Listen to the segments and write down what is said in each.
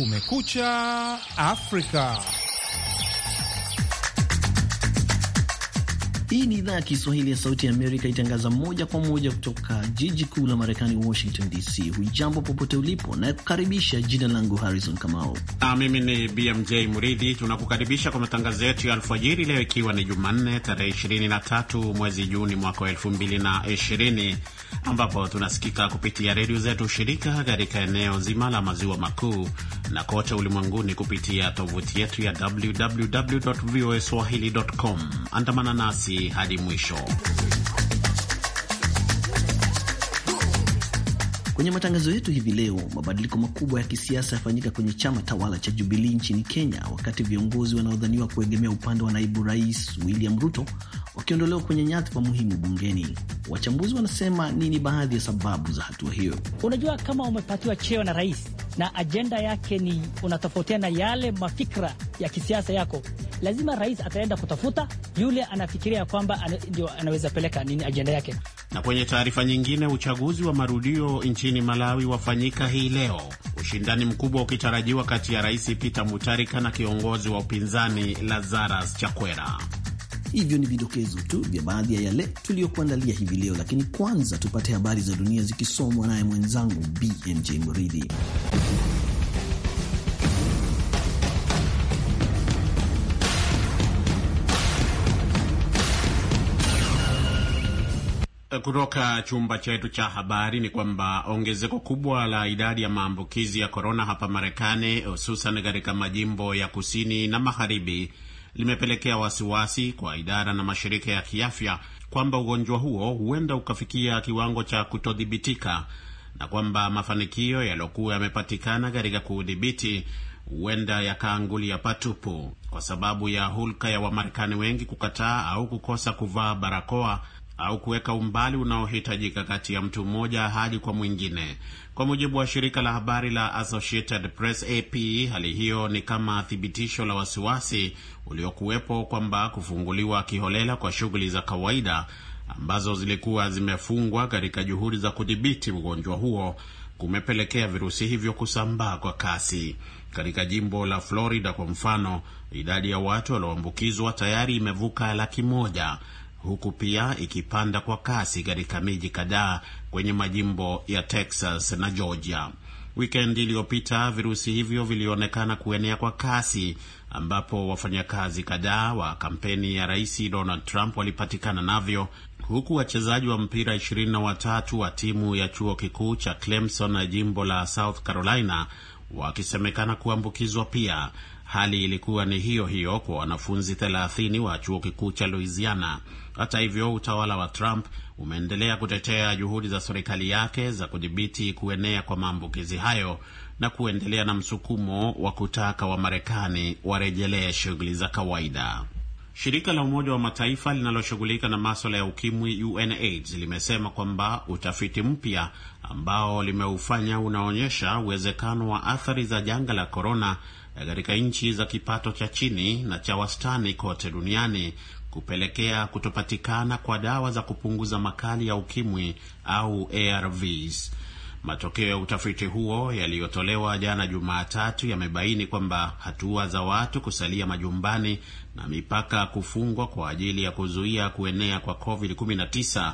Kumekucha Afrika. Hii ni idhaa ya Kiswahili ya Sauti ya Amerika itangaza moja kwa moja kutoka jiji kuu la Marekani, Washington DC. Hujambo popote ulipo na kukaribisha. Jina langu Harrison Kamau na mimi ni BMJ Muridhi. Tunakukaribisha kwa matangazo yetu ya alfajiri leo, ikiwa ni Jumanne tarehe 23 mwezi Juni mwaka wa 2020 ambapo tunasikika kupitia redio zetu shirika katika eneo zima la maziwa makuu na kote ulimwenguni kupitia tovuti yetu ya www com. Andamana nasi hadi mwisho. Kwenye matangazo yetu hivi leo, mabadiliko makubwa ya kisiasa yafanyika kwenye chama tawala cha Jubilii nchini Kenya, wakati viongozi wanaodhaniwa kuegemea upande wa naibu rais William Ruto wakiondolewa kwenye nyadhifa muhimu bungeni. Wachambuzi wanasema nini baadhi ya sababu za hatua hiyo? Unajua, kama umepatiwa cheo na rais na ajenda yake ni unatofautiana na yale mafikra ya kisiasa yako, lazima rais ataenda kutafuta yule anafikiria kwamba ndio anaweza peleka nini ajenda yake. Na kwenye taarifa nyingine, uchaguzi wa marudio nchini Malawi wafanyika hii leo, ushindani mkubwa ukitarajiwa kati ya rais Peter Mutharika na kiongozi wa upinzani Lazarus Chakwera. Hivyo ni vidokezo tu vya baadhi ya yale tuliyokuandalia hivi leo, lakini kwanza tupate habari za dunia zikisomwa naye mwenzangu BMJ Mridhi. Kutoka chumba chetu cha habari ni kwamba ongezeko kubwa la idadi ya maambukizi ya korona hapa Marekani, hususan katika majimbo ya kusini na magharibi limepelekea wasiwasi kwa idara na mashirika ya kiafya kwamba ugonjwa huo huenda ukafikia kiwango cha kutodhibitika na kwamba mafanikio yaliyokuwa yamepatikana katika kuudhibiti huenda yakaangulia patupu kwa sababu ya hulka ya Wamarekani wengi kukataa au kukosa kuvaa barakoa au kuweka umbali unaohitajika kati ya mtu mmoja hadi kwa mwingine. Kwa mujibu wa shirika la habari la Associated Press AP, hali hiyo ni kama thibitisho la wasiwasi uliokuwepo kwamba kufunguliwa kiholela kwa shughuli za kawaida ambazo zilikuwa zimefungwa katika juhudi za kudhibiti ugonjwa huo kumepelekea virusi hivyo kusambaa kwa kasi. Katika jimbo la Florida kwa mfano, idadi ya watu walioambukizwa tayari imevuka laki moja huku pia ikipanda kwa kasi katika miji kadhaa kwenye majimbo ya Texas na Georgia. Wikendi iliyopita virusi hivyo vilionekana kuenea kwa kasi, ambapo wafanyakazi kadhaa wa kampeni ya Rais Donald Trump walipatikana navyo, huku wachezaji wa mpira ishirini na watatu wa timu ya chuo kikuu cha Clemson na jimbo la South Carolina wakisemekana kuambukizwa pia. Hali ilikuwa ni hiyo hiyo kwa wanafunzi 30 wa chuo kikuu cha Louisiana. Hata hivyo, utawala wa Trump umeendelea kutetea juhudi za serikali yake za kudhibiti kuenea kwa maambukizi hayo na kuendelea na msukumo wa kutaka Wamarekani warejelee shughuli za kawaida. Shirika la Umoja wa Mataifa linaloshughulika na maswala ya ukimwi UNAIDS limesema kwamba utafiti mpya ambao limeufanya unaonyesha uwezekano wa athari za janga la korona Eh, katika nchi za kipato cha chini na cha wastani kote duniani kupelekea kutopatikana kwa dawa za kupunguza makali ya ukimwi au ARVs. Matokeo ya utafiti huo yaliyotolewa jana Jumatatu yamebaini kwamba hatua za watu kusalia majumbani na mipaka kufungwa kwa ajili ya kuzuia kuenea kwa COVID-19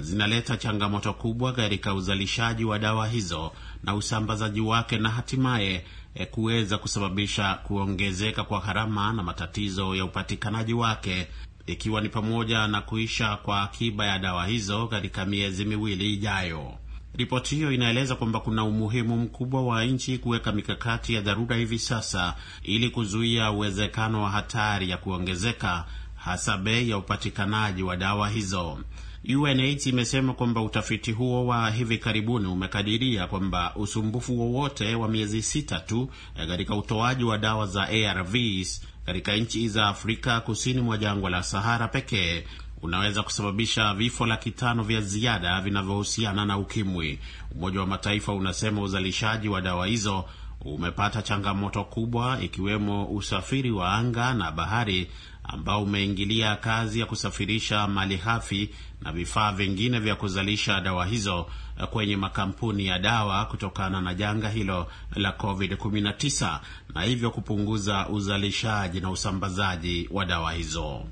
zinaleta changamoto kubwa katika uzalishaji wa dawa hizo na usambazaji wake na hatimaye e, kuweza kusababisha kuongezeka kwa gharama na matatizo ya upatikanaji wake ikiwa ni pamoja na kuisha kwa akiba ya dawa hizo katika miezi miwili ijayo. Ripoti hiyo inaeleza kwamba kuna umuhimu mkubwa wa nchi kuweka mikakati ya dharura hivi sasa ili kuzuia uwezekano wa hatari ya kuongezeka hasa bei ya upatikanaji wa dawa hizo. UNAIDS imesema kwamba utafiti huo wa hivi karibuni umekadiria kwamba usumbufu wowote wa miezi sita tu eh, katika utoaji wa dawa za ARVs katika nchi za Afrika kusini mwa jangwa la Sahara pekee unaweza kusababisha vifo laki tano vya ziada vinavyohusiana na ukimwi. Umoja wa Mataifa unasema uzalishaji wa dawa hizo umepata changamoto kubwa, ikiwemo usafiri wa anga na bahari ambao umeingilia kazi ya kusafirisha malighafi na vifaa vingine vya kuzalisha dawa hizo kwenye makampuni ya dawa kutokana na janga hilo la COVID-19 na hivyo kupunguza uzalishaji na usambazaji wa dawa hizo.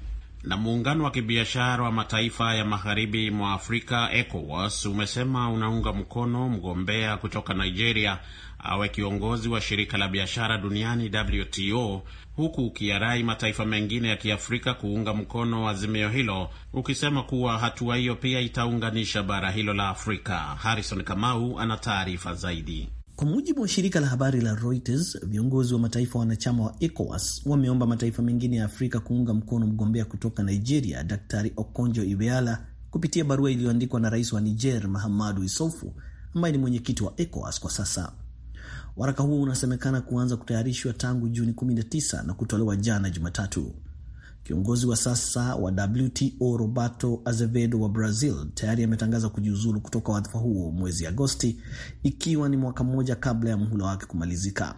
Na muungano wa kibiashara wa mataifa ya magharibi mwa Afrika ECOWAS umesema unaunga mkono mgombea kutoka Nigeria awe kiongozi wa shirika la biashara duniani WTO, huku ukiyarai mataifa mengine ya Kiafrika kuunga mkono azimio hilo, ukisema kuwa hatua hiyo pia itaunganisha bara hilo la Afrika. Harrison Kamau ana taarifa zaidi. Kwa mujibu wa shirika la habari la Reuters, viongozi wa mataifa wanachama wa ECOWAS wameomba mataifa mengine ya Afrika kuunga mkono mgombea kutoka Nigeria, Daktari Okonjo Iweala, kupitia barua iliyoandikwa na rais wa Niger Mahamadu isofu ambaye ni mwenyekiti wa ECOWAS kwa sasa. Waraka huo unasemekana kuanza kutayarishwa tangu Juni 19 na kutolewa jana Jumatatu. Kiongozi wa sasa wa WTO Roberto Azevedo wa Brazil tayari ametangaza kujiuzulu kutoka wadhifa huo mwezi Agosti, ikiwa ni mwaka mmoja kabla ya muhula wake kumalizika.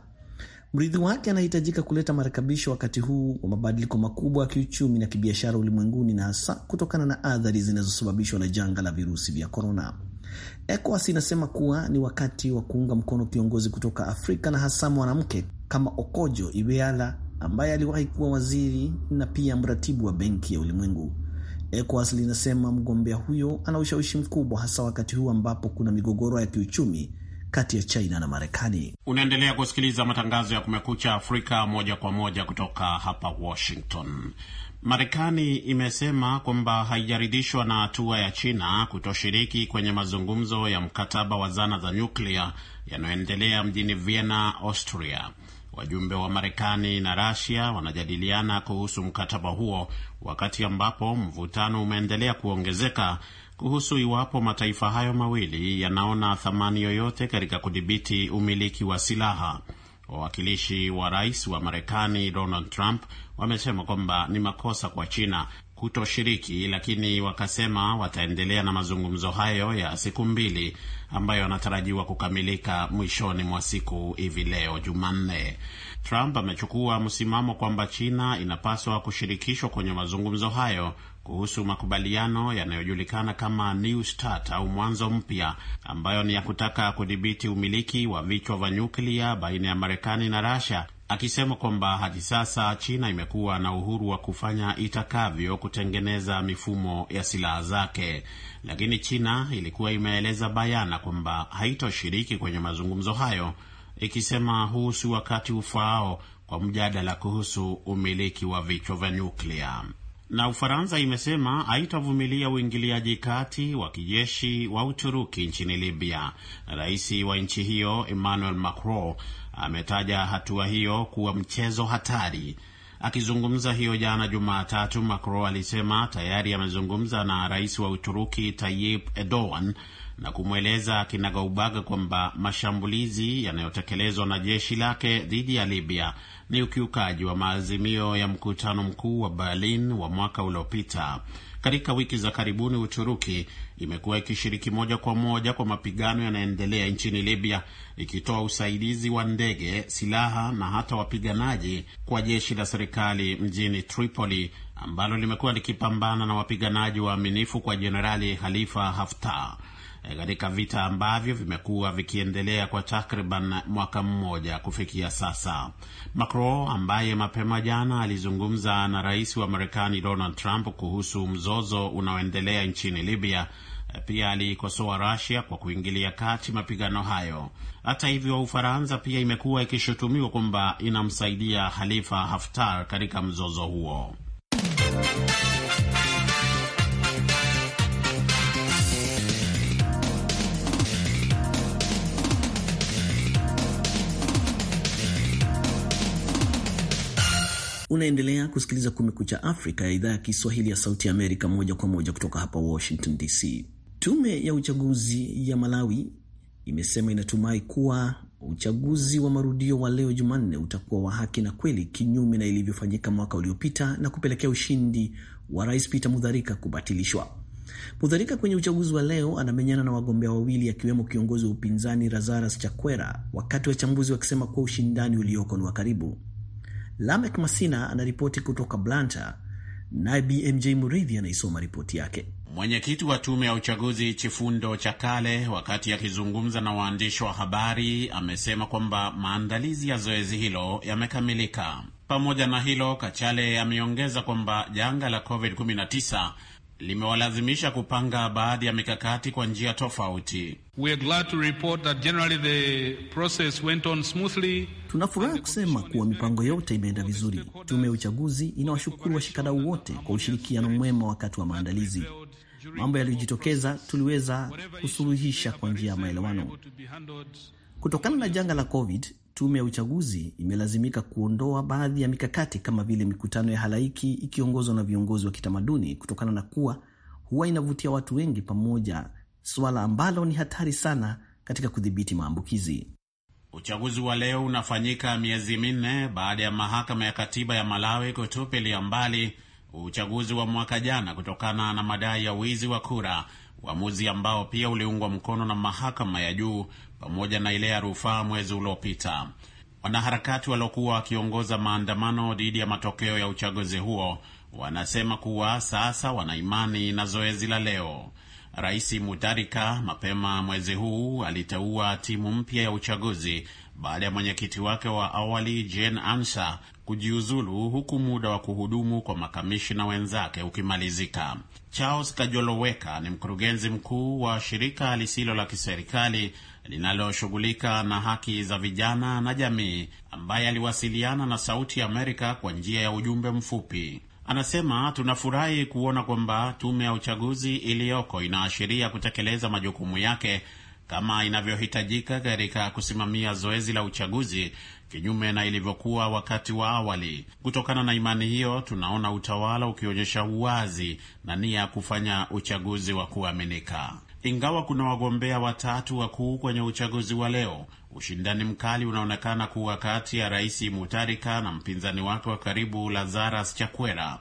Mrithi wake anahitajika kuleta marekebisho wakati huu wa mabadiliko makubwa ya kiuchumi na kibiashara ulimwenguni, na hasa kutokana na athari zinazosababishwa na janga la virusi vya korona. ECOWAS inasema kuwa ni wakati wa kuunga mkono kiongozi kutoka Afrika na hasa mwanamke kama Okojo Iweala ambaye aliwahi kuwa waziri na pia mratibu wa Benki ya Ulimwengu. ECOWAS linasema mgombea huyo ana ushawishi mkubwa hasa wakati huu ambapo kuna migogoro ya kiuchumi kati ya China na Marekani. Unaendelea kusikiliza matangazo ya Kumekucha Afrika moja kwa moja kutoka hapa Washington. Marekani imesema kwamba haijaridhishwa na hatua ya China kutoshiriki kwenye mazungumzo ya mkataba wa zana za nyuklia yanayoendelea mjini Vienna, Austria. Wajumbe wa Marekani na Rasia wanajadiliana kuhusu mkataba huo wakati ambapo mvutano umeendelea kuongezeka kuhusu iwapo mataifa hayo mawili yanaona thamani yoyote katika kudhibiti umiliki wa silaha. Wawakilishi wa rais wa Marekani Donald Trump wamesema kwamba ni makosa kwa China kutoshiriki, lakini wakasema wataendelea na mazungumzo hayo ya siku mbili ambayo yanatarajiwa kukamilika mwishoni mwa siku hivi leo Jumanne. Trump amechukua msimamo kwamba China inapaswa kushirikishwa kwenye mazungumzo hayo kuhusu makubaliano yanayojulikana kama New Start au mwanzo mpya, ambayo ni ya kutaka kudhibiti umiliki wa vichwa vya nyuklia baina ya Marekani na Russia, akisema kwamba hadi sasa China imekuwa na uhuru wa kufanya itakavyo kutengeneza mifumo ya silaha zake, lakini China ilikuwa imeeleza bayana kwamba haitoshiriki kwenye mazungumzo hayo, ikisema huu si wakati ufaao kwa mjadala kuhusu umiliki wa vichwa vya nyuklia. Na Ufaransa imesema haitavumilia uingiliaji kati wa kijeshi wa Uturuki nchini Libya. Rais wa nchi hiyo Emmanuel Macron ametaja hatua hiyo kuwa mchezo hatari. Akizungumza hiyo jana Jumatatu, Macron alisema tayari amezungumza na rais wa Uturuki Tayyip Erdogan na kumweleza kinagaubaga kwamba mashambulizi yanayotekelezwa na jeshi lake dhidi ya Libya ni ukiukaji wa maazimio ya mkutano mkuu wa Berlin wa mwaka uliopita. Katika wiki za karibuni, Uturuki imekuwa ikishiriki moja kwa moja kwa mapigano yanayoendelea nchini Libya, ikitoa usaidizi wa ndege, silaha na hata wapiganaji kwa jeshi la serikali mjini Tripoli ambalo limekuwa likipambana na wapiganaji waaminifu kwa Jenerali Khalifa Haftar. Eh, katika vita ambavyo vimekuwa vikiendelea kwa takriban mwaka mmoja kufikia sasa. Macron ambaye mapema jana alizungumza na rais wa Marekani Donald Trump kuhusu mzozo unaoendelea nchini Libya eh, pia aliikosoa rasia kwa kuingilia kati mapigano hayo. Hata hivyo, Ufaransa pia imekuwa ikishutumiwa kwamba inamsaidia Khalifa Haftar katika mzozo huo. Unaendelea kusikiliza Kumekucha Afrika ya idhaa ya Kiswahili ya Sauti ya Amerika, moja kwa moja kutoka hapa Washington DC. Tume ya uchaguzi ya Malawi imesema inatumai kuwa uchaguzi wa marudio wa leo Jumanne utakuwa wa haki na kweli, kinyume na ilivyofanyika mwaka uliopita na kupelekea ushindi wa Rais Peter Mutharika kubatilishwa. Mutharika kwenye uchaguzi wa leo anamenyana na wagombea wawili akiwemo kiongozi wa upinzani Lazarus Chakwera, wakati wachambuzi wakisema kuwa ushindani ulioko ni wa karibu. Lamek Masina anaripoti kutoka Blanta naye BMJ Muridhi anaisoma ripoti yake. Mwenyekiti wa tume ya uchaguzi Chifundo Chakale, wakati akizungumza na waandishi wa habari, amesema kwamba maandalizi ya zoezi hilo yamekamilika. Pamoja na hilo, Kachale ameongeza kwamba janga la COVID-19 limewalazimisha kupanga baadhi ya mikakati kwa njia tofauti. Tunafuraha kusema kuwa mipango yote imeenda vizuri. Tume ya uchaguzi inawashukuru washikadau wote kwa ushirikiano mwema wakati wa maandalizi. Mambo yaliyojitokeza tuliweza kusuluhisha kwa njia ya maelewano. Kutokana na janga la COVID, tume ya uchaguzi imelazimika kuondoa baadhi ya mikakati kama vile mikutano ya halaiki ikiongozwa na viongozi wa kitamaduni kutokana na kuwa huwa inavutia watu wengi pamoja, suala ambalo ni hatari sana katika kudhibiti maambukizi. Uchaguzi wa leo unafanyika miezi minne baada ya mahakama ya katiba ya Malawi kutupilia mbali uchaguzi wa mwaka jana kutokana na madai ya wizi wa kura uamuzi ambao pia uliungwa mkono na mahakama ya juu pamoja na ile ya rufaa mwezi uliopita. Wanaharakati waliokuwa wakiongoza maandamano dhidi ya matokeo ya uchaguzi huo wanasema kuwa sasa wana imani na zoezi la leo. Rais Mutharika mapema mwezi huu aliteua timu mpya ya uchaguzi baada ya mwenyekiti wake wa awali Jane ansa kujiuzulu huku muda wa kuhudumu kwa makamishina wenzake ukimalizika. Charles Kajoloweka ni mkurugenzi mkuu wa shirika lisilo la kiserikali linaloshughulika na haki za vijana na jamii, ambaye aliwasiliana na Sauti ya Amerika kwa njia ya ujumbe mfupi. Anasema, tunafurahi kuona kwamba tume ya uchaguzi iliyoko inaashiria kutekeleza majukumu yake kama inavyohitajika katika kusimamia zoezi la uchaguzi kinyume na ilivyokuwa wakati wa awali. Kutokana na imani hiyo, tunaona utawala ukionyesha uwazi na nia ya kufanya uchaguzi wa kuaminika. Ingawa kuna wagombea watatu wakuu kwenye uchaguzi wa leo, ushindani mkali unaonekana kuwa kati ya Rais mutarika na mpinzani wake wa karibu Lazarus Chakwera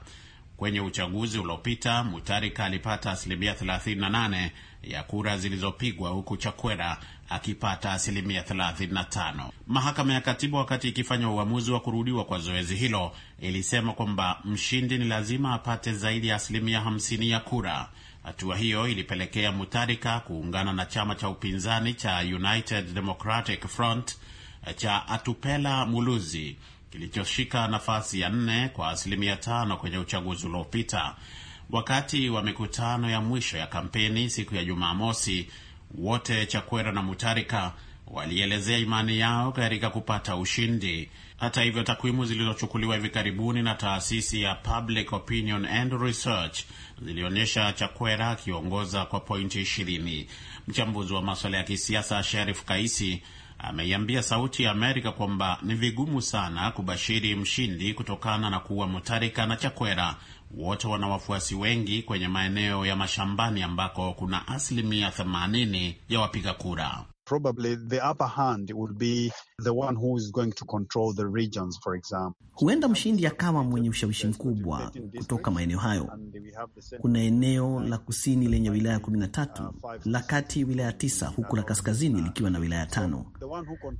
Kwenye uchaguzi uliopita mutarika alipata asilimia 38 ya kura zilizopigwa huku Chakwera akipata asilimia 35. Mahakama ya Katiba, wakati ikifanya uamuzi wa kurudiwa kwa zoezi hilo, ilisema kwamba mshindi ni lazima apate zaidi ya asilimia 50 ya kura. Hatua hiyo ilipelekea mutarika kuungana na chama cha upinzani cha United Democratic Front cha Atupela Muluzi kilichoshika nafasi ya nne kwa asilimia tano kwenye uchaguzi uliopita. Wakati wa mikutano ya mwisho ya kampeni siku ya Jumamosi, wote Chakwera na Mutarika walielezea imani yao katika kupata ushindi. Hata hivyo, takwimu zilizochukuliwa hivi karibuni na taasisi ya Public Opinion and Research zilionyesha Chakwera akiongoza kwa pointi 20. Mchambuzi wa maswala ya kisiasa Sherif Kaisi ameiambia Sauti ya Amerika kwamba ni vigumu sana kubashiri mshindi kutokana na kuwa Mutarika na Chakwera wote wana wafuasi wengi kwenye maeneo ya mashambani ambako kuna asilimia 80 ya wapiga kura probably the upper hand will be the one who is going to control the regions for example. Huenda mshindi akawa mwenye ushawishi mkubwa kutoka maeneo hayo. Kuna eneo la kusini lenye wilaya kumi na tatu, la kati wilaya tisa, huku la kaskazini likiwa na wilaya tano.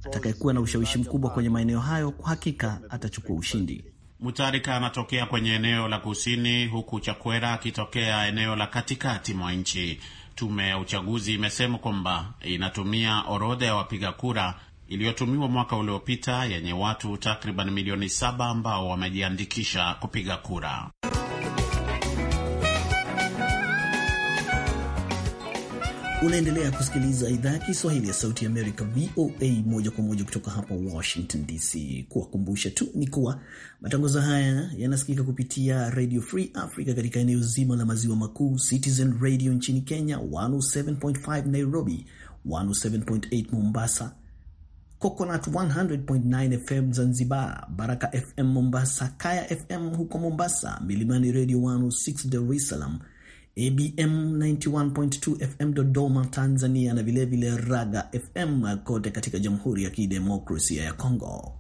Atakayekuwa na ushawishi mkubwa kwenye maeneo hayo kwa hakika atachukua ushindi. Mutarika anatokea kwenye eneo la kusini huku Chakwera akitokea eneo la katikati mwa nchi. Tume ya uchaguzi imesema kwamba inatumia orodha ya wapiga kura iliyotumiwa mwaka uliopita yenye watu takriban milioni saba ambao wamejiandikisha kupiga kura. Unaendelea kusikiliza idhaa ya Kiswahili ya Sauti Amerika, VOA, moja kwa moja kutoka hapa Washington DC. Kuwakumbusha tu ni kuwa matangazo haya yanasikika kupitia Radio Free Africa katika eneo zima la maziwa makuu, Citizen Radio nchini Kenya 107.5 Nairobi, 107.8 Mombasa, Coconut 100.9 FM Zanzibar, Baraka FM Mombasa, Kaya FM huko Mombasa, Milimani Radio 106 Dar es Salaam ABM 91.2 FM Dodoma, Tanzania na vilevile Raga FM kote katika Jamhuri ya Kidemokrasia ya congo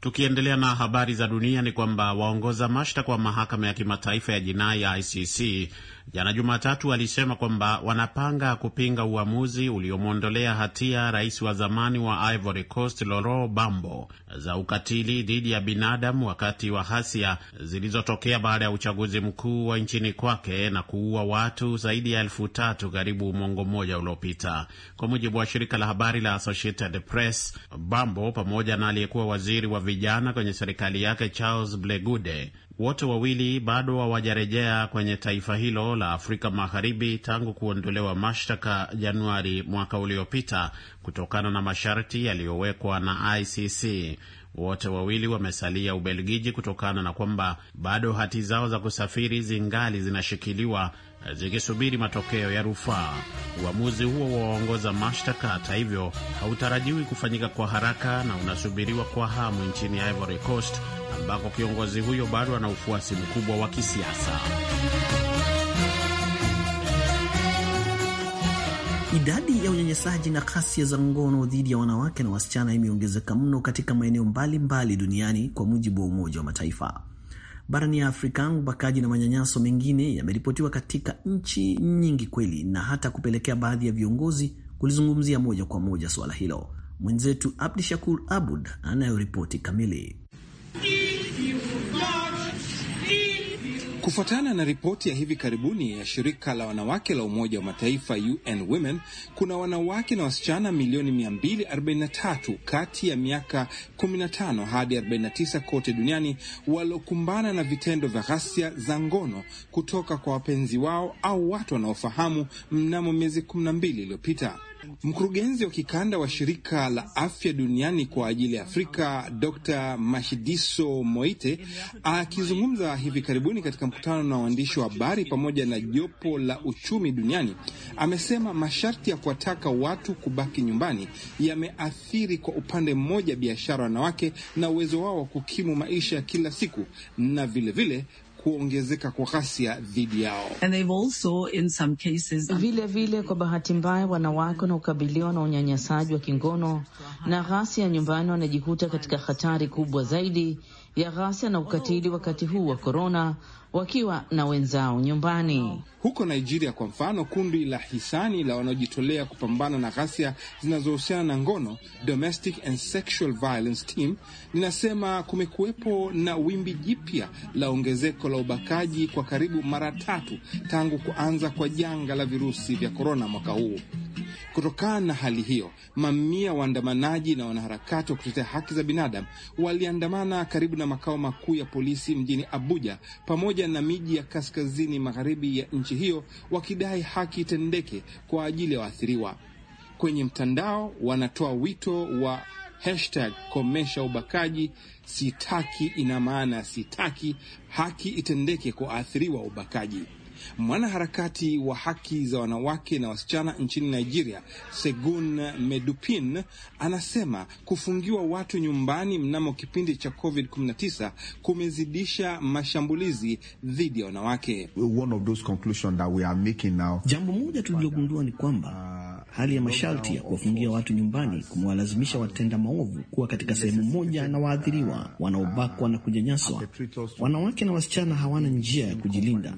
Tukiendelea na habari za dunia ni kwamba waongoza mashtaka wa mahakama ya kimataifa ya jinai ya ICC jana Jumatatu alisema kwamba wanapanga kupinga uamuzi uliomwondolea hatia rais wa zamani wa Ivory Coast Loro Bambo za ukatili dhidi ya binadamu wakati wa hasia zilizotokea baada ya uchaguzi mkuu wa nchini kwake na kuua watu zaidi ya elfu tatu karibu mwongo mmoja uliopita. Kwa mujibu wa shirika la habari la Associated Press, Bambo pamoja na aliyekuwa waziri wa vijana kwenye serikali yake Charles Blegude wote wawili bado hawajarejea kwenye taifa hilo la Afrika Magharibi tangu kuondolewa mashtaka Januari mwaka uliopita kutokana na masharti yaliyowekwa na ICC. Wote wawili wamesalia Ubelgiji kutokana na kwamba bado hati zao za kusafiri zingali zinashikiliwa zikisubiri matokeo ya rufaa. Uamuzi huo waongoza mashtaka, hata hivyo, hautarajiwi kufanyika kwa haraka na unasubiriwa kwa hamu nchini Ivory Coast ambako kiongozi huyo bado ana ufuasi mkubwa wa kisiasa. Idadi ya unyanyasaji na ghasia za ngono dhidi ya wanawake na wasichana imeongezeka mno katika maeneo mbalimbali duniani kwa mujibu wa Umoja wa Mataifa barani ya Afrika, ubakaji na manyanyaso mengine yameripotiwa katika nchi nyingi kweli, na hata kupelekea baadhi ya viongozi kulizungumzia moja kwa moja suala hilo. Mwenzetu abdishakur Shakur Abud anayoripoti kamili. Kufuatana na ripoti ya hivi karibuni ya shirika la wanawake la Umoja wa Mataifa UN Women, kuna wanawake na wasichana milioni 243 kati ya miaka 15 hadi 49 kote duniani waliokumbana na vitendo vya ghasia za ngono kutoka kwa wapenzi wao au watu wanaofahamu mnamo miezi 12 iliyopita. Mkurugenzi wa kikanda wa shirika la afya duniani kwa ajili ya Afrika, Dr Mashidiso Moite, akizungumza hivi karibuni katika mkutano na waandishi wa habari pamoja na jopo la uchumi duniani, amesema masharti ya kuwataka watu kubaki nyumbani yameathiri kwa upande mmoja biashara wanawake na uwezo wao wa kukimu maisha ya kila siku na vilevile vile, kuongezeka kwa ghasia dhidi yao. Vile vile, kwa bahati mbaya, wanawake wanaokabiliwa na unyanyasaji wa kingono na ghasia ya nyumbani wanajikuta katika hatari kubwa zaidi ya ghasia na ukatili wakati huu wa korona, wakiwa na wenzao nyumbani. Huko Nigeria kwa mfano, kundi la hisani la wanaojitolea kupambana na ghasia zinazohusiana na ngono, Domestic and Sexual Violence Team, linasema kumekuwepo na wimbi jipya la ongezeko la ubakaji kwa karibu mara tatu tangu kuanza kwa janga la virusi vya korona mwaka huu. Kutokana na hali hiyo, mamia waandamanaji na wanaharakati wa kutetea haki za binadamu waliandamana karibu na makao makuu ya polisi mjini Abuja pamoja na miji ya kaskazini magharibi ya nchi hiyo wakidai haki itendeke kwa ajili ya wa waathiriwa. Kwenye mtandao wanatoa wito wa hashtag komesha ubakaji, sitaki ina maana sitaki haki itendeke kwa waathiriwa wa ubakaji. Mwanaharakati wa haki za wanawake na wasichana nchini Nigeria, Segun Medupin, anasema kufungiwa watu nyumbani mnamo kipindi cha COVID-19 kumezidisha mashambulizi dhidi ya wanawake. One of those conclusions that we are making now, jambo moja tulilogundua ni kwamba ah, hali ya masharti ya kuwafungia watu nyumbani kumewalazimisha watenda maovu kuwa katika sehemu moja na waathiriwa wanaobakwa na kunyanyaswa. Wanawake na wasichana hawana njia ya kujilinda,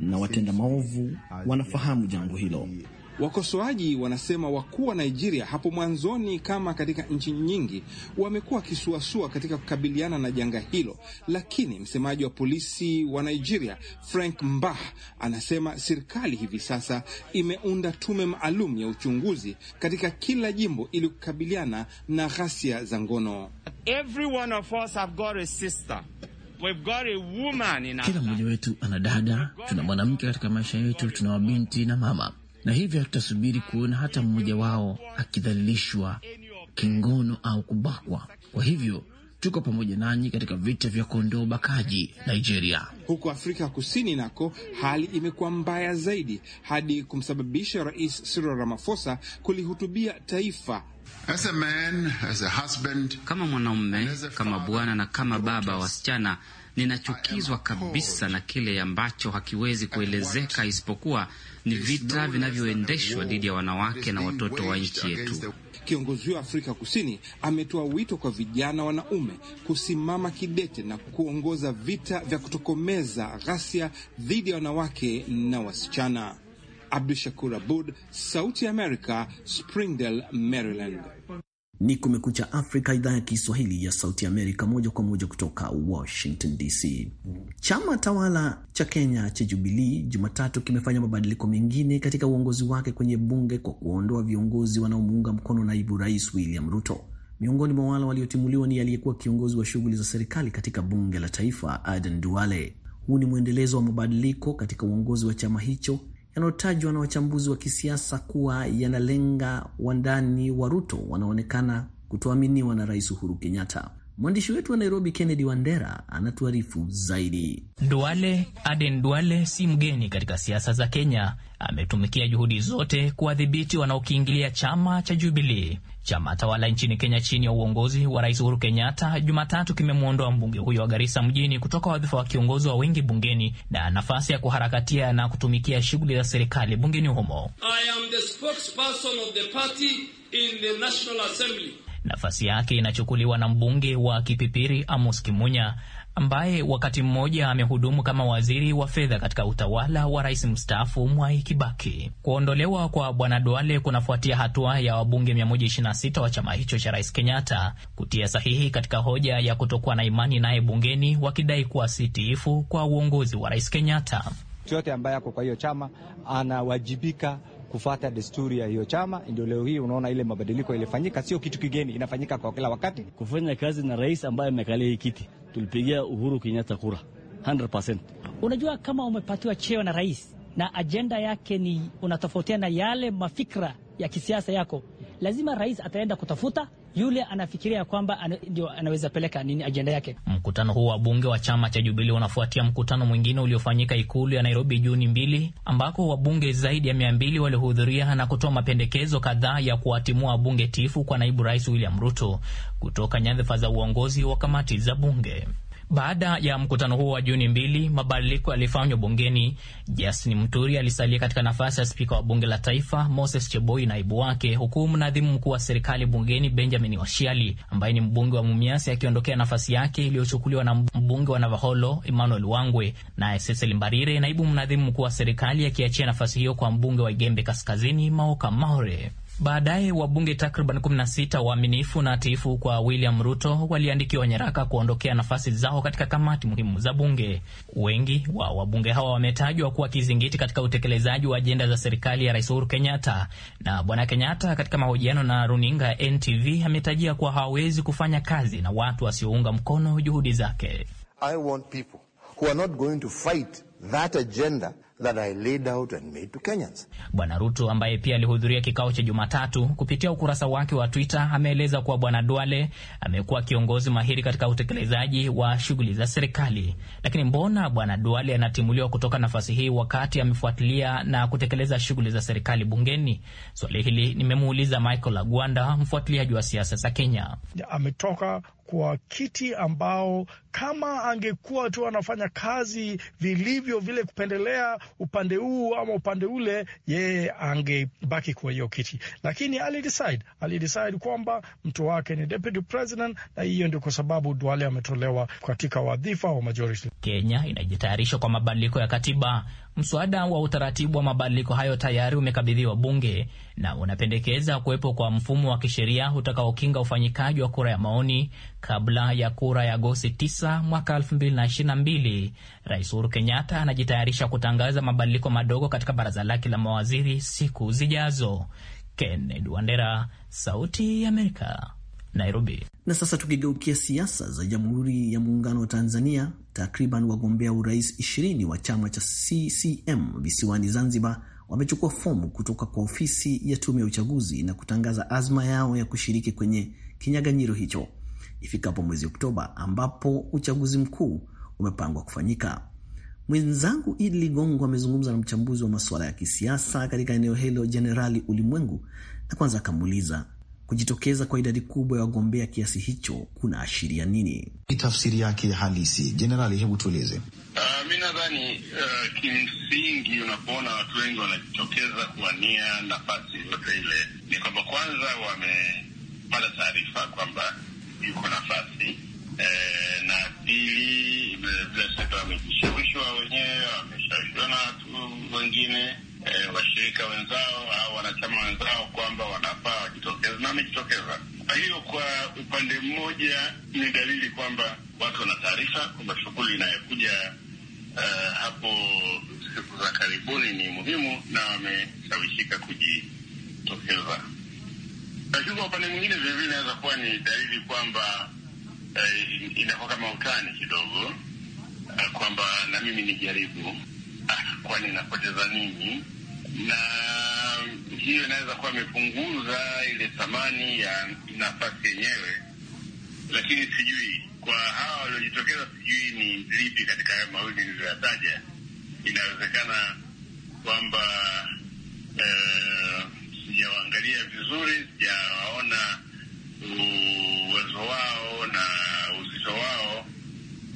na watenda maovu wanafahamu jambo hilo. Wakosoaji wanasema wakuu wa Nigeria hapo mwanzoni, kama katika nchi nyingi, wamekuwa wakisuasua katika kukabiliana na janga hilo, lakini msemaji wa polisi wa Nigeria Frank Mbah anasema serikali hivi sasa imeunda tume maalum ya uchunguzi katika kila jimbo ili kukabiliana na ghasia za ngono. Kila mmoja wetu ana dada, tuna mwanamke katika maisha yetu, tuna wabinti na mama na hivyo hatutasubiri kuona hata mmoja wao akidhalilishwa kingono au kubakwa. Kwa hivyo tuko pamoja nanyi katika vita vya kuondoa ubakaji Nigeria. Huko Afrika Kusini nako hali imekuwa mbaya zaidi hadi kumsababisha Rais Cyril Ramaphosa kulihutubia taifa. As a man, as a husband, kama mwanaume, kama bwana na kama baba wasichana Ninachukizwa kabisa na kile ambacho hakiwezi kuelezeka, isipokuwa ni vita vinavyoendeshwa dhidi ya wanawake na watoto wa nchi yetu. Kiongozi huyo wa Afrika Kusini ametoa wito kwa vijana wanaume kusimama kidete na kuongoza vita vya kutokomeza ghasia dhidi ya wanawake na wasichana. Abdu Shakur Abud, Sauti ya Amerika, Springdale, Maryland. Ni Kumekucha Afrika, idhaa ya Kiswahili ya Sauti Amerika, moja kwa moja kutoka Washington DC. Chama tawala cha Kenya cha Jubilii Jumatatu kimefanya mabadiliko mengine katika uongozi wake kwenye bunge kwa kuondoa viongozi wanaomuunga mkono naibu rais William Ruto. Miongoni mwa wale waliotimuliwa ni aliyekuwa kiongozi wa shughuli za serikali katika bunge la taifa Aden Duale. Huu ni mwendelezo wa mabadiliko katika uongozi wa chama hicho yanayotajwa na wachambuzi wa kisiasa kuwa yanalenga wandani wa Ruto wanaonekana kutoaminiwa na Rais Uhuru Kenyatta. Mwandishi wetu wa Nairobi, Kennedy Wandera, anatuarifu zaidi. Duale Aden Duale si mgeni katika siasa za Kenya. Ametumikia juhudi zote kuwadhibiti wanaokiingilia chama cha Jubilii. Chama tawala nchini Kenya chini ya uongozi wa Rais Uhuru Kenyatta Jumatatu kimemwondoa mbunge huyo wa Garisa mjini kutoka wadhifa wa kiongozi wa wengi bungeni na nafasi ya kuharakatia na kutumikia shughuli za serikali bungeni humo. I am the spokesperson of the party in the National Assembly. Nafasi yake inachukuliwa na mbunge wa Kipipiri Amos Kimunya ambaye wakati mmoja amehudumu kama waziri wa fedha katika utawala wa rais mstaafu Mwai Kibaki. Kuondolewa kwa bwana Duale kunafuatia hatua ya wabunge 126 wa chama hicho cha rais Kenyatta kutia sahihi katika hoja ya kutokuwa na imani naye bungeni, wakidai kuwa si tiifu kwa uongozi wa rais Kenyatta. Mtu yote ambaye ako kwa hiyo chama anawajibika kufata desturi ya hiyo chama, ndio leo hii unaona ile mabadiliko ilifanyika. Sio kitu kigeni, inafanyika kwa kila wakati. Kufanya kazi na rais ambaye amekalia hii kiti, tulipigia Uhuru Kenyatta kura 100%. Unajua, kama umepatiwa cheo na rais na ajenda yake ni unatofautiana na yale mafikra ya kisiasa yako, lazima rais ataenda kutafuta yule anafikiria kwamba ana, ndio anaweza peleka nini ajenda yake. Mkutano huu wa bunge wa chama cha Jubilee unafuatia mkutano mwingine uliofanyika ikulu ya Nairobi Juni mbili, ambako wabunge zaidi ya mia mbili walihudhuria na kutoa mapendekezo kadhaa ya kuwatimua bunge tifu kwa naibu rais William Ruto kutoka nyadhifa za uongozi wa kamati za bunge. Baada ya mkutano huo wa Juni mbili, mabadiliko yalifanywa bungeni. Justin Muturi alisalia katika nafasi ya spika wa bunge la taifa, Moses Cheboi naibu wake, huku mnadhimu mkuu wa serikali bungeni Benjamin Washiali ambaye ni mbunge wa Mumias akiondokea ya nafasi yake iliyochukuliwa na mbunge wa Navaholo Emmanuel Wangwe, naye Cecil Mbarire naibu mnadhimu mkuu wa serikali akiachia nafasi hiyo kwa mbunge wa Igembe Kaskazini Maoka Maore. Baadaye wabunge takriban 16 waaminifu na tiifu kwa William Ruto waliandikiwa nyaraka kuondokea nafasi zao katika kamati muhimu za bunge. Wengi wa wabunge hawa wametajwa kuwa kizingiti katika utekelezaji wa ajenda za serikali ya Rais Uhuru Kenyatta, na Bwana Kenyatta katika mahojiano na runinga ya NTV ametajia kuwa hawawezi kufanya kazi na watu wasiounga mkono juhudi zake. I want people who are not going to fight that agenda That I laid out and made to Kenyans. Bwana Ruto ambaye pia alihudhuria kikao cha Jumatatu kupitia ukurasa wake wa Twitter ameeleza kuwa Bwana Duale amekuwa kiongozi mahiri katika utekelezaji wa shughuli za serikali. Lakini mbona Bwana Duale anatimuliwa kutoka nafasi hii wakati amefuatilia na kutekeleza shughuli za serikali bungeni? Swali hili nimemuuliza Michael Agwanda, mfuatiliaji wa siasa za Kenya. Ametoka kwa kiti ambao kama angekuwa tu anafanya kazi vilivyo vile kupendelea upande huu ama upande ule, yeye angebaki kwa hiyo kiti, lakini alidecide, alidecide kwamba mtu wake ni deputy president, na hiyo ndio kwa sababu Duale ametolewa katika wadhifa wa majority. Kenya inajitayarisha kwa mabadiliko ya katiba. Mswada wa utaratibu wa mabadiliko hayo tayari umekabidhiwa bunge na unapendekeza kuwepo kwa mfumo wa kisheria utakaokinga ufanyikaji wa kura ya maoni kabla ya kura ya Agosti 9 mwaka 2022. Rais Uhuru Kenyatta anajitayarisha kutangaza kutangaza mabadiliko madogo katika baraza lake la mawaziri siku zijazo. Kennedy Wandera, Sauti ya Amerika, Nairobi. Na sasa tukigeukia siasa za Jamhuri ya Muungano wa Tanzania, takriban wagombea urais ishirini wa chama cha CCM visiwani Zanzibar wamechukua fomu kutoka kwa ofisi ya tume ya uchaguzi na kutangaza azma yao ya kushiriki kwenye kinyaganyiro hicho ifikapo mwezi Oktoba, ambapo uchaguzi mkuu umepangwa kufanyika. Mwenzangu Idi Ligongo amezungumza na mchambuzi wa masuala ya kisiasa katika eneo hilo, Jenerali Ulimwengu, na kwanza akamuuliza kujitokeza kwa idadi kubwa ya wagombea kiasi hicho kuna ashiria nini? Tafsiri yake halisi, Jenerali, hebu tueleze. Uh, mi nadhani uh, kimsingi unapoona watu wengi wanajitokeza kuwania nafasi yote ile ni kwamba kwanza wamepata taarifa kwamba yuko nafasi Eh, na pili, bila shaka wamejishawishwa wenyewe, wameshawishwa na watu wengine E, washirika wenzao au wanachama wenzao kwamba wanafaa wajitokeza na wamejitokeza. Kwa hiyo kwa upande mmoja ni dalili kwamba watu wana taarifa kwamba shughuli inayokuja uh, hapo siku za karibuni ni muhimu na wameshawishika kujitokeza, lakini kwa upande mwingine vilevile inaweza kuwa ni dalili kwamba eh, inakuwa kama utani kidogo eh, kwamba na mimi nijaribu, ah, kwani napoteza nini? Na hiyo inaweza kuwa imepunguza ile thamani ya nafasi yenyewe, lakini sijui kwa hawa waliojitokeza, sijui ni lipi katika hayo mawili niliyoyataja. Inawezekana kwamba eh, sijawaangalia vizuri, sijawaona uwezo wao na uwezo wao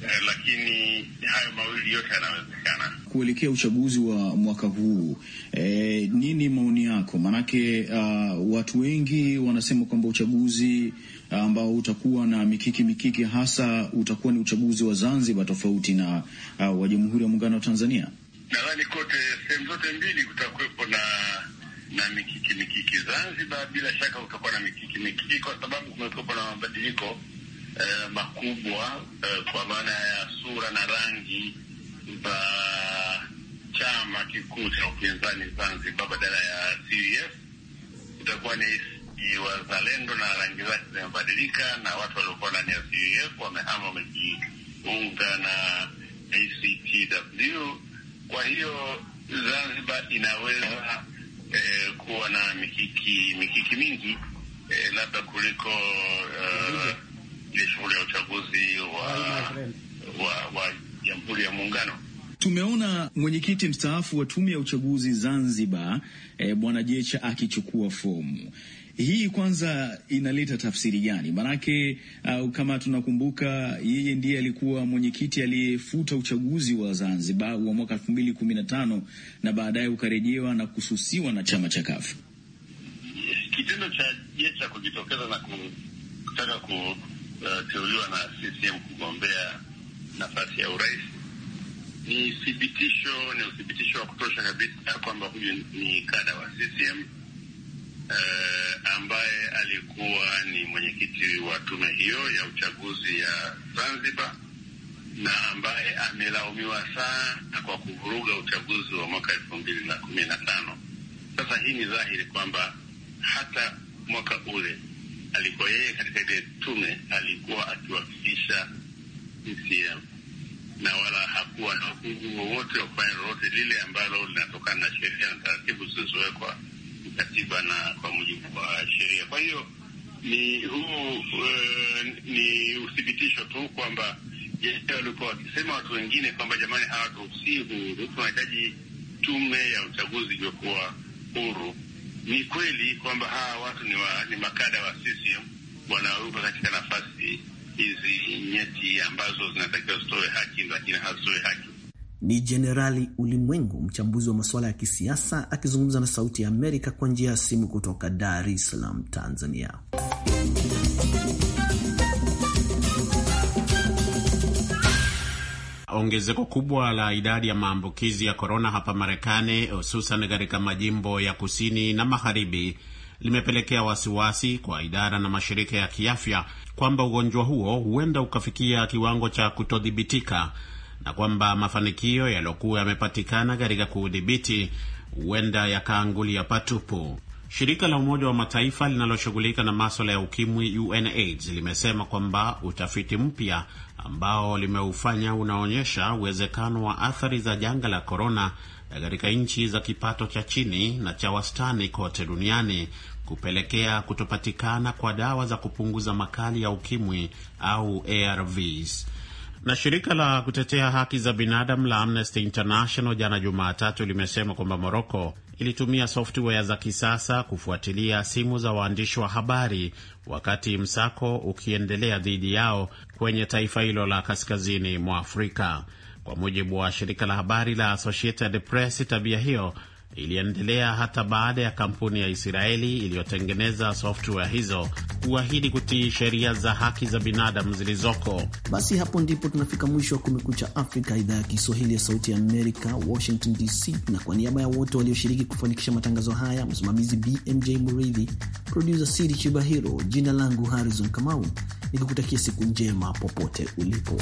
eh, lakini hayo mawili yote yanawezekana kuelekea uchaguzi wa mwaka huu. Eh, nini maoni yako? Maanake uh, ah, watu wengi wanasema kwamba uchaguzi ah, ambao utakuwa na mikiki mikiki hasa utakuwa ni uchaguzi wa Zanzibar tofauti na uh, wa Jamhuri ya Muungano wa Tanzania. Nadhani kote sehemu zote mbili kutakuwepo na na mikiki mikiki. Zanzibar bila shaka utakuwa na mikiki mikiki kwa sababu kumekuwepo na mabadiliko Eh, makubwa eh, kwa maana ya sura na rangi za chama kikuu cha upinzani Zanzibar badala ya CUF itakuwa ni Wazalendo na rangi zake zimebadilika, na watu waliokuwa ndani ya CUF wamehama, wamejiunga na ACTW. Kwa hiyo Zanzibar inaweza eh, kuwa na mikiki mikiki mingi eh, labda kuliko uh, ile shughuli ya uchaguzi wa Jamhuri ya Muungano. Tumeona mwenyekiti mstaafu wa tume ya uchaguzi Zanzibar, e, Bwana Jecha akichukua fomu hii. Kwanza inaleta tafsiri gani? Maanake uh, kama tunakumbuka, yeye ndiye alikuwa mwenyekiti aliyefuta uchaguzi wa Zanzibar wa mwaka elfu mbili kumi na tano na baadaye ukarejewa na kususiwa na chama cha kafu. Kitendo cha Jecha kujitokeza na kutaka ku walioteuliwa na CCM kugombea nafasi ya urais ni thibitisho, ni uthibitisho wa kutosha kabisa kwamba huyu ni kada wa CCM uh, eh, ambaye alikuwa ni mwenyekiti wa tume hiyo ya uchaguzi ya Zanzibar na ambaye amelaumiwa sana kwa kuvuruga uchaguzi wa mwaka elfu mbili na kumi na tano. Sasa hii ni dhahiri kwamba hata mwaka ule alikuwa yeye katika ile tume alikuwa akiwakilisha CCM na wala hakuwa na uhuru wowote wa kufanya lolote lile ambalo linatokana na sheria na taratibu zilizowekwa katiba na kwa mujibu wa sheria. Kwa hiyo ni huu e, ni uthibitisho tu kwamba jeshi walikuwa wakisema watu wengine kwamba jamani, hawatuhusii huru, tunahitaji tume ya uchaguzi iliyokuwa huru. Ni kweli kwamba hawa watu ni, wa, ni makada wa wanawekwa katika nafasi hizi nyeti ambazo zinatakiwa zitoe haki, lakini hazitoe haki. Ni Jenerali Ulimwengu, mchambuzi wa masuala ya kisiasa, akizungumza na Sauti ya Amerika kwa njia ya simu kutoka Dar es Salaam, Tanzania. Ongezeko kubwa la idadi ya maambukizi ya korona hapa Marekani, hususan katika majimbo ya kusini na magharibi limepelekea wasiwasi kwa idara na mashirika ya kiafya kwamba ugonjwa huo huenda ukafikia kiwango cha kutodhibitika na kwamba mafanikio yaliyokuwa yamepatikana katika kuudhibiti huenda yakaangulia patupu. Shirika la Umoja wa Mataifa linaloshughulika na maswala ya ukimwi UNAIDS limesema kwamba utafiti mpya ambao limeufanya unaonyesha uwezekano wa athari za janga la korona katika nchi za kipato cha chini na cha wastani kote duniani kupelekea kutopatikana kwa dawa za kupunguza makali ya ukimwi au ARVs. Na shirika la kutetea haki za binadamu la Amnesty International jana Jumatatu limesema kwamba Moroko ilitumia software za kisasa kufuatilia simu za waandishi wa habari wakati msako ukiendelea dhidi yao kwenye taifa hilo la kaskazini mwa Afrika. Kwa mujibu wa shirika la habari la Associated Press, tabia hiyo iliendelea hata baada ya kampuni ya Israeli iliyotengeneza software hizo kuahidi kutii sheria za haki za binadamu zilizoko. Basi hapo ndipo tunafika mwisho wa Kumekucha Afrika, idhaa ya Kiswahili ya Sauti ya Amerika, Washington DC. Na kwa niaba ya wote walioshiriki kufanikisha matangazo haya, msimamizi BMJ Muridhi, produsa Siri Chibahiro, jina langu Harrison Kamau, nikikutakia siku njema popote ulipo.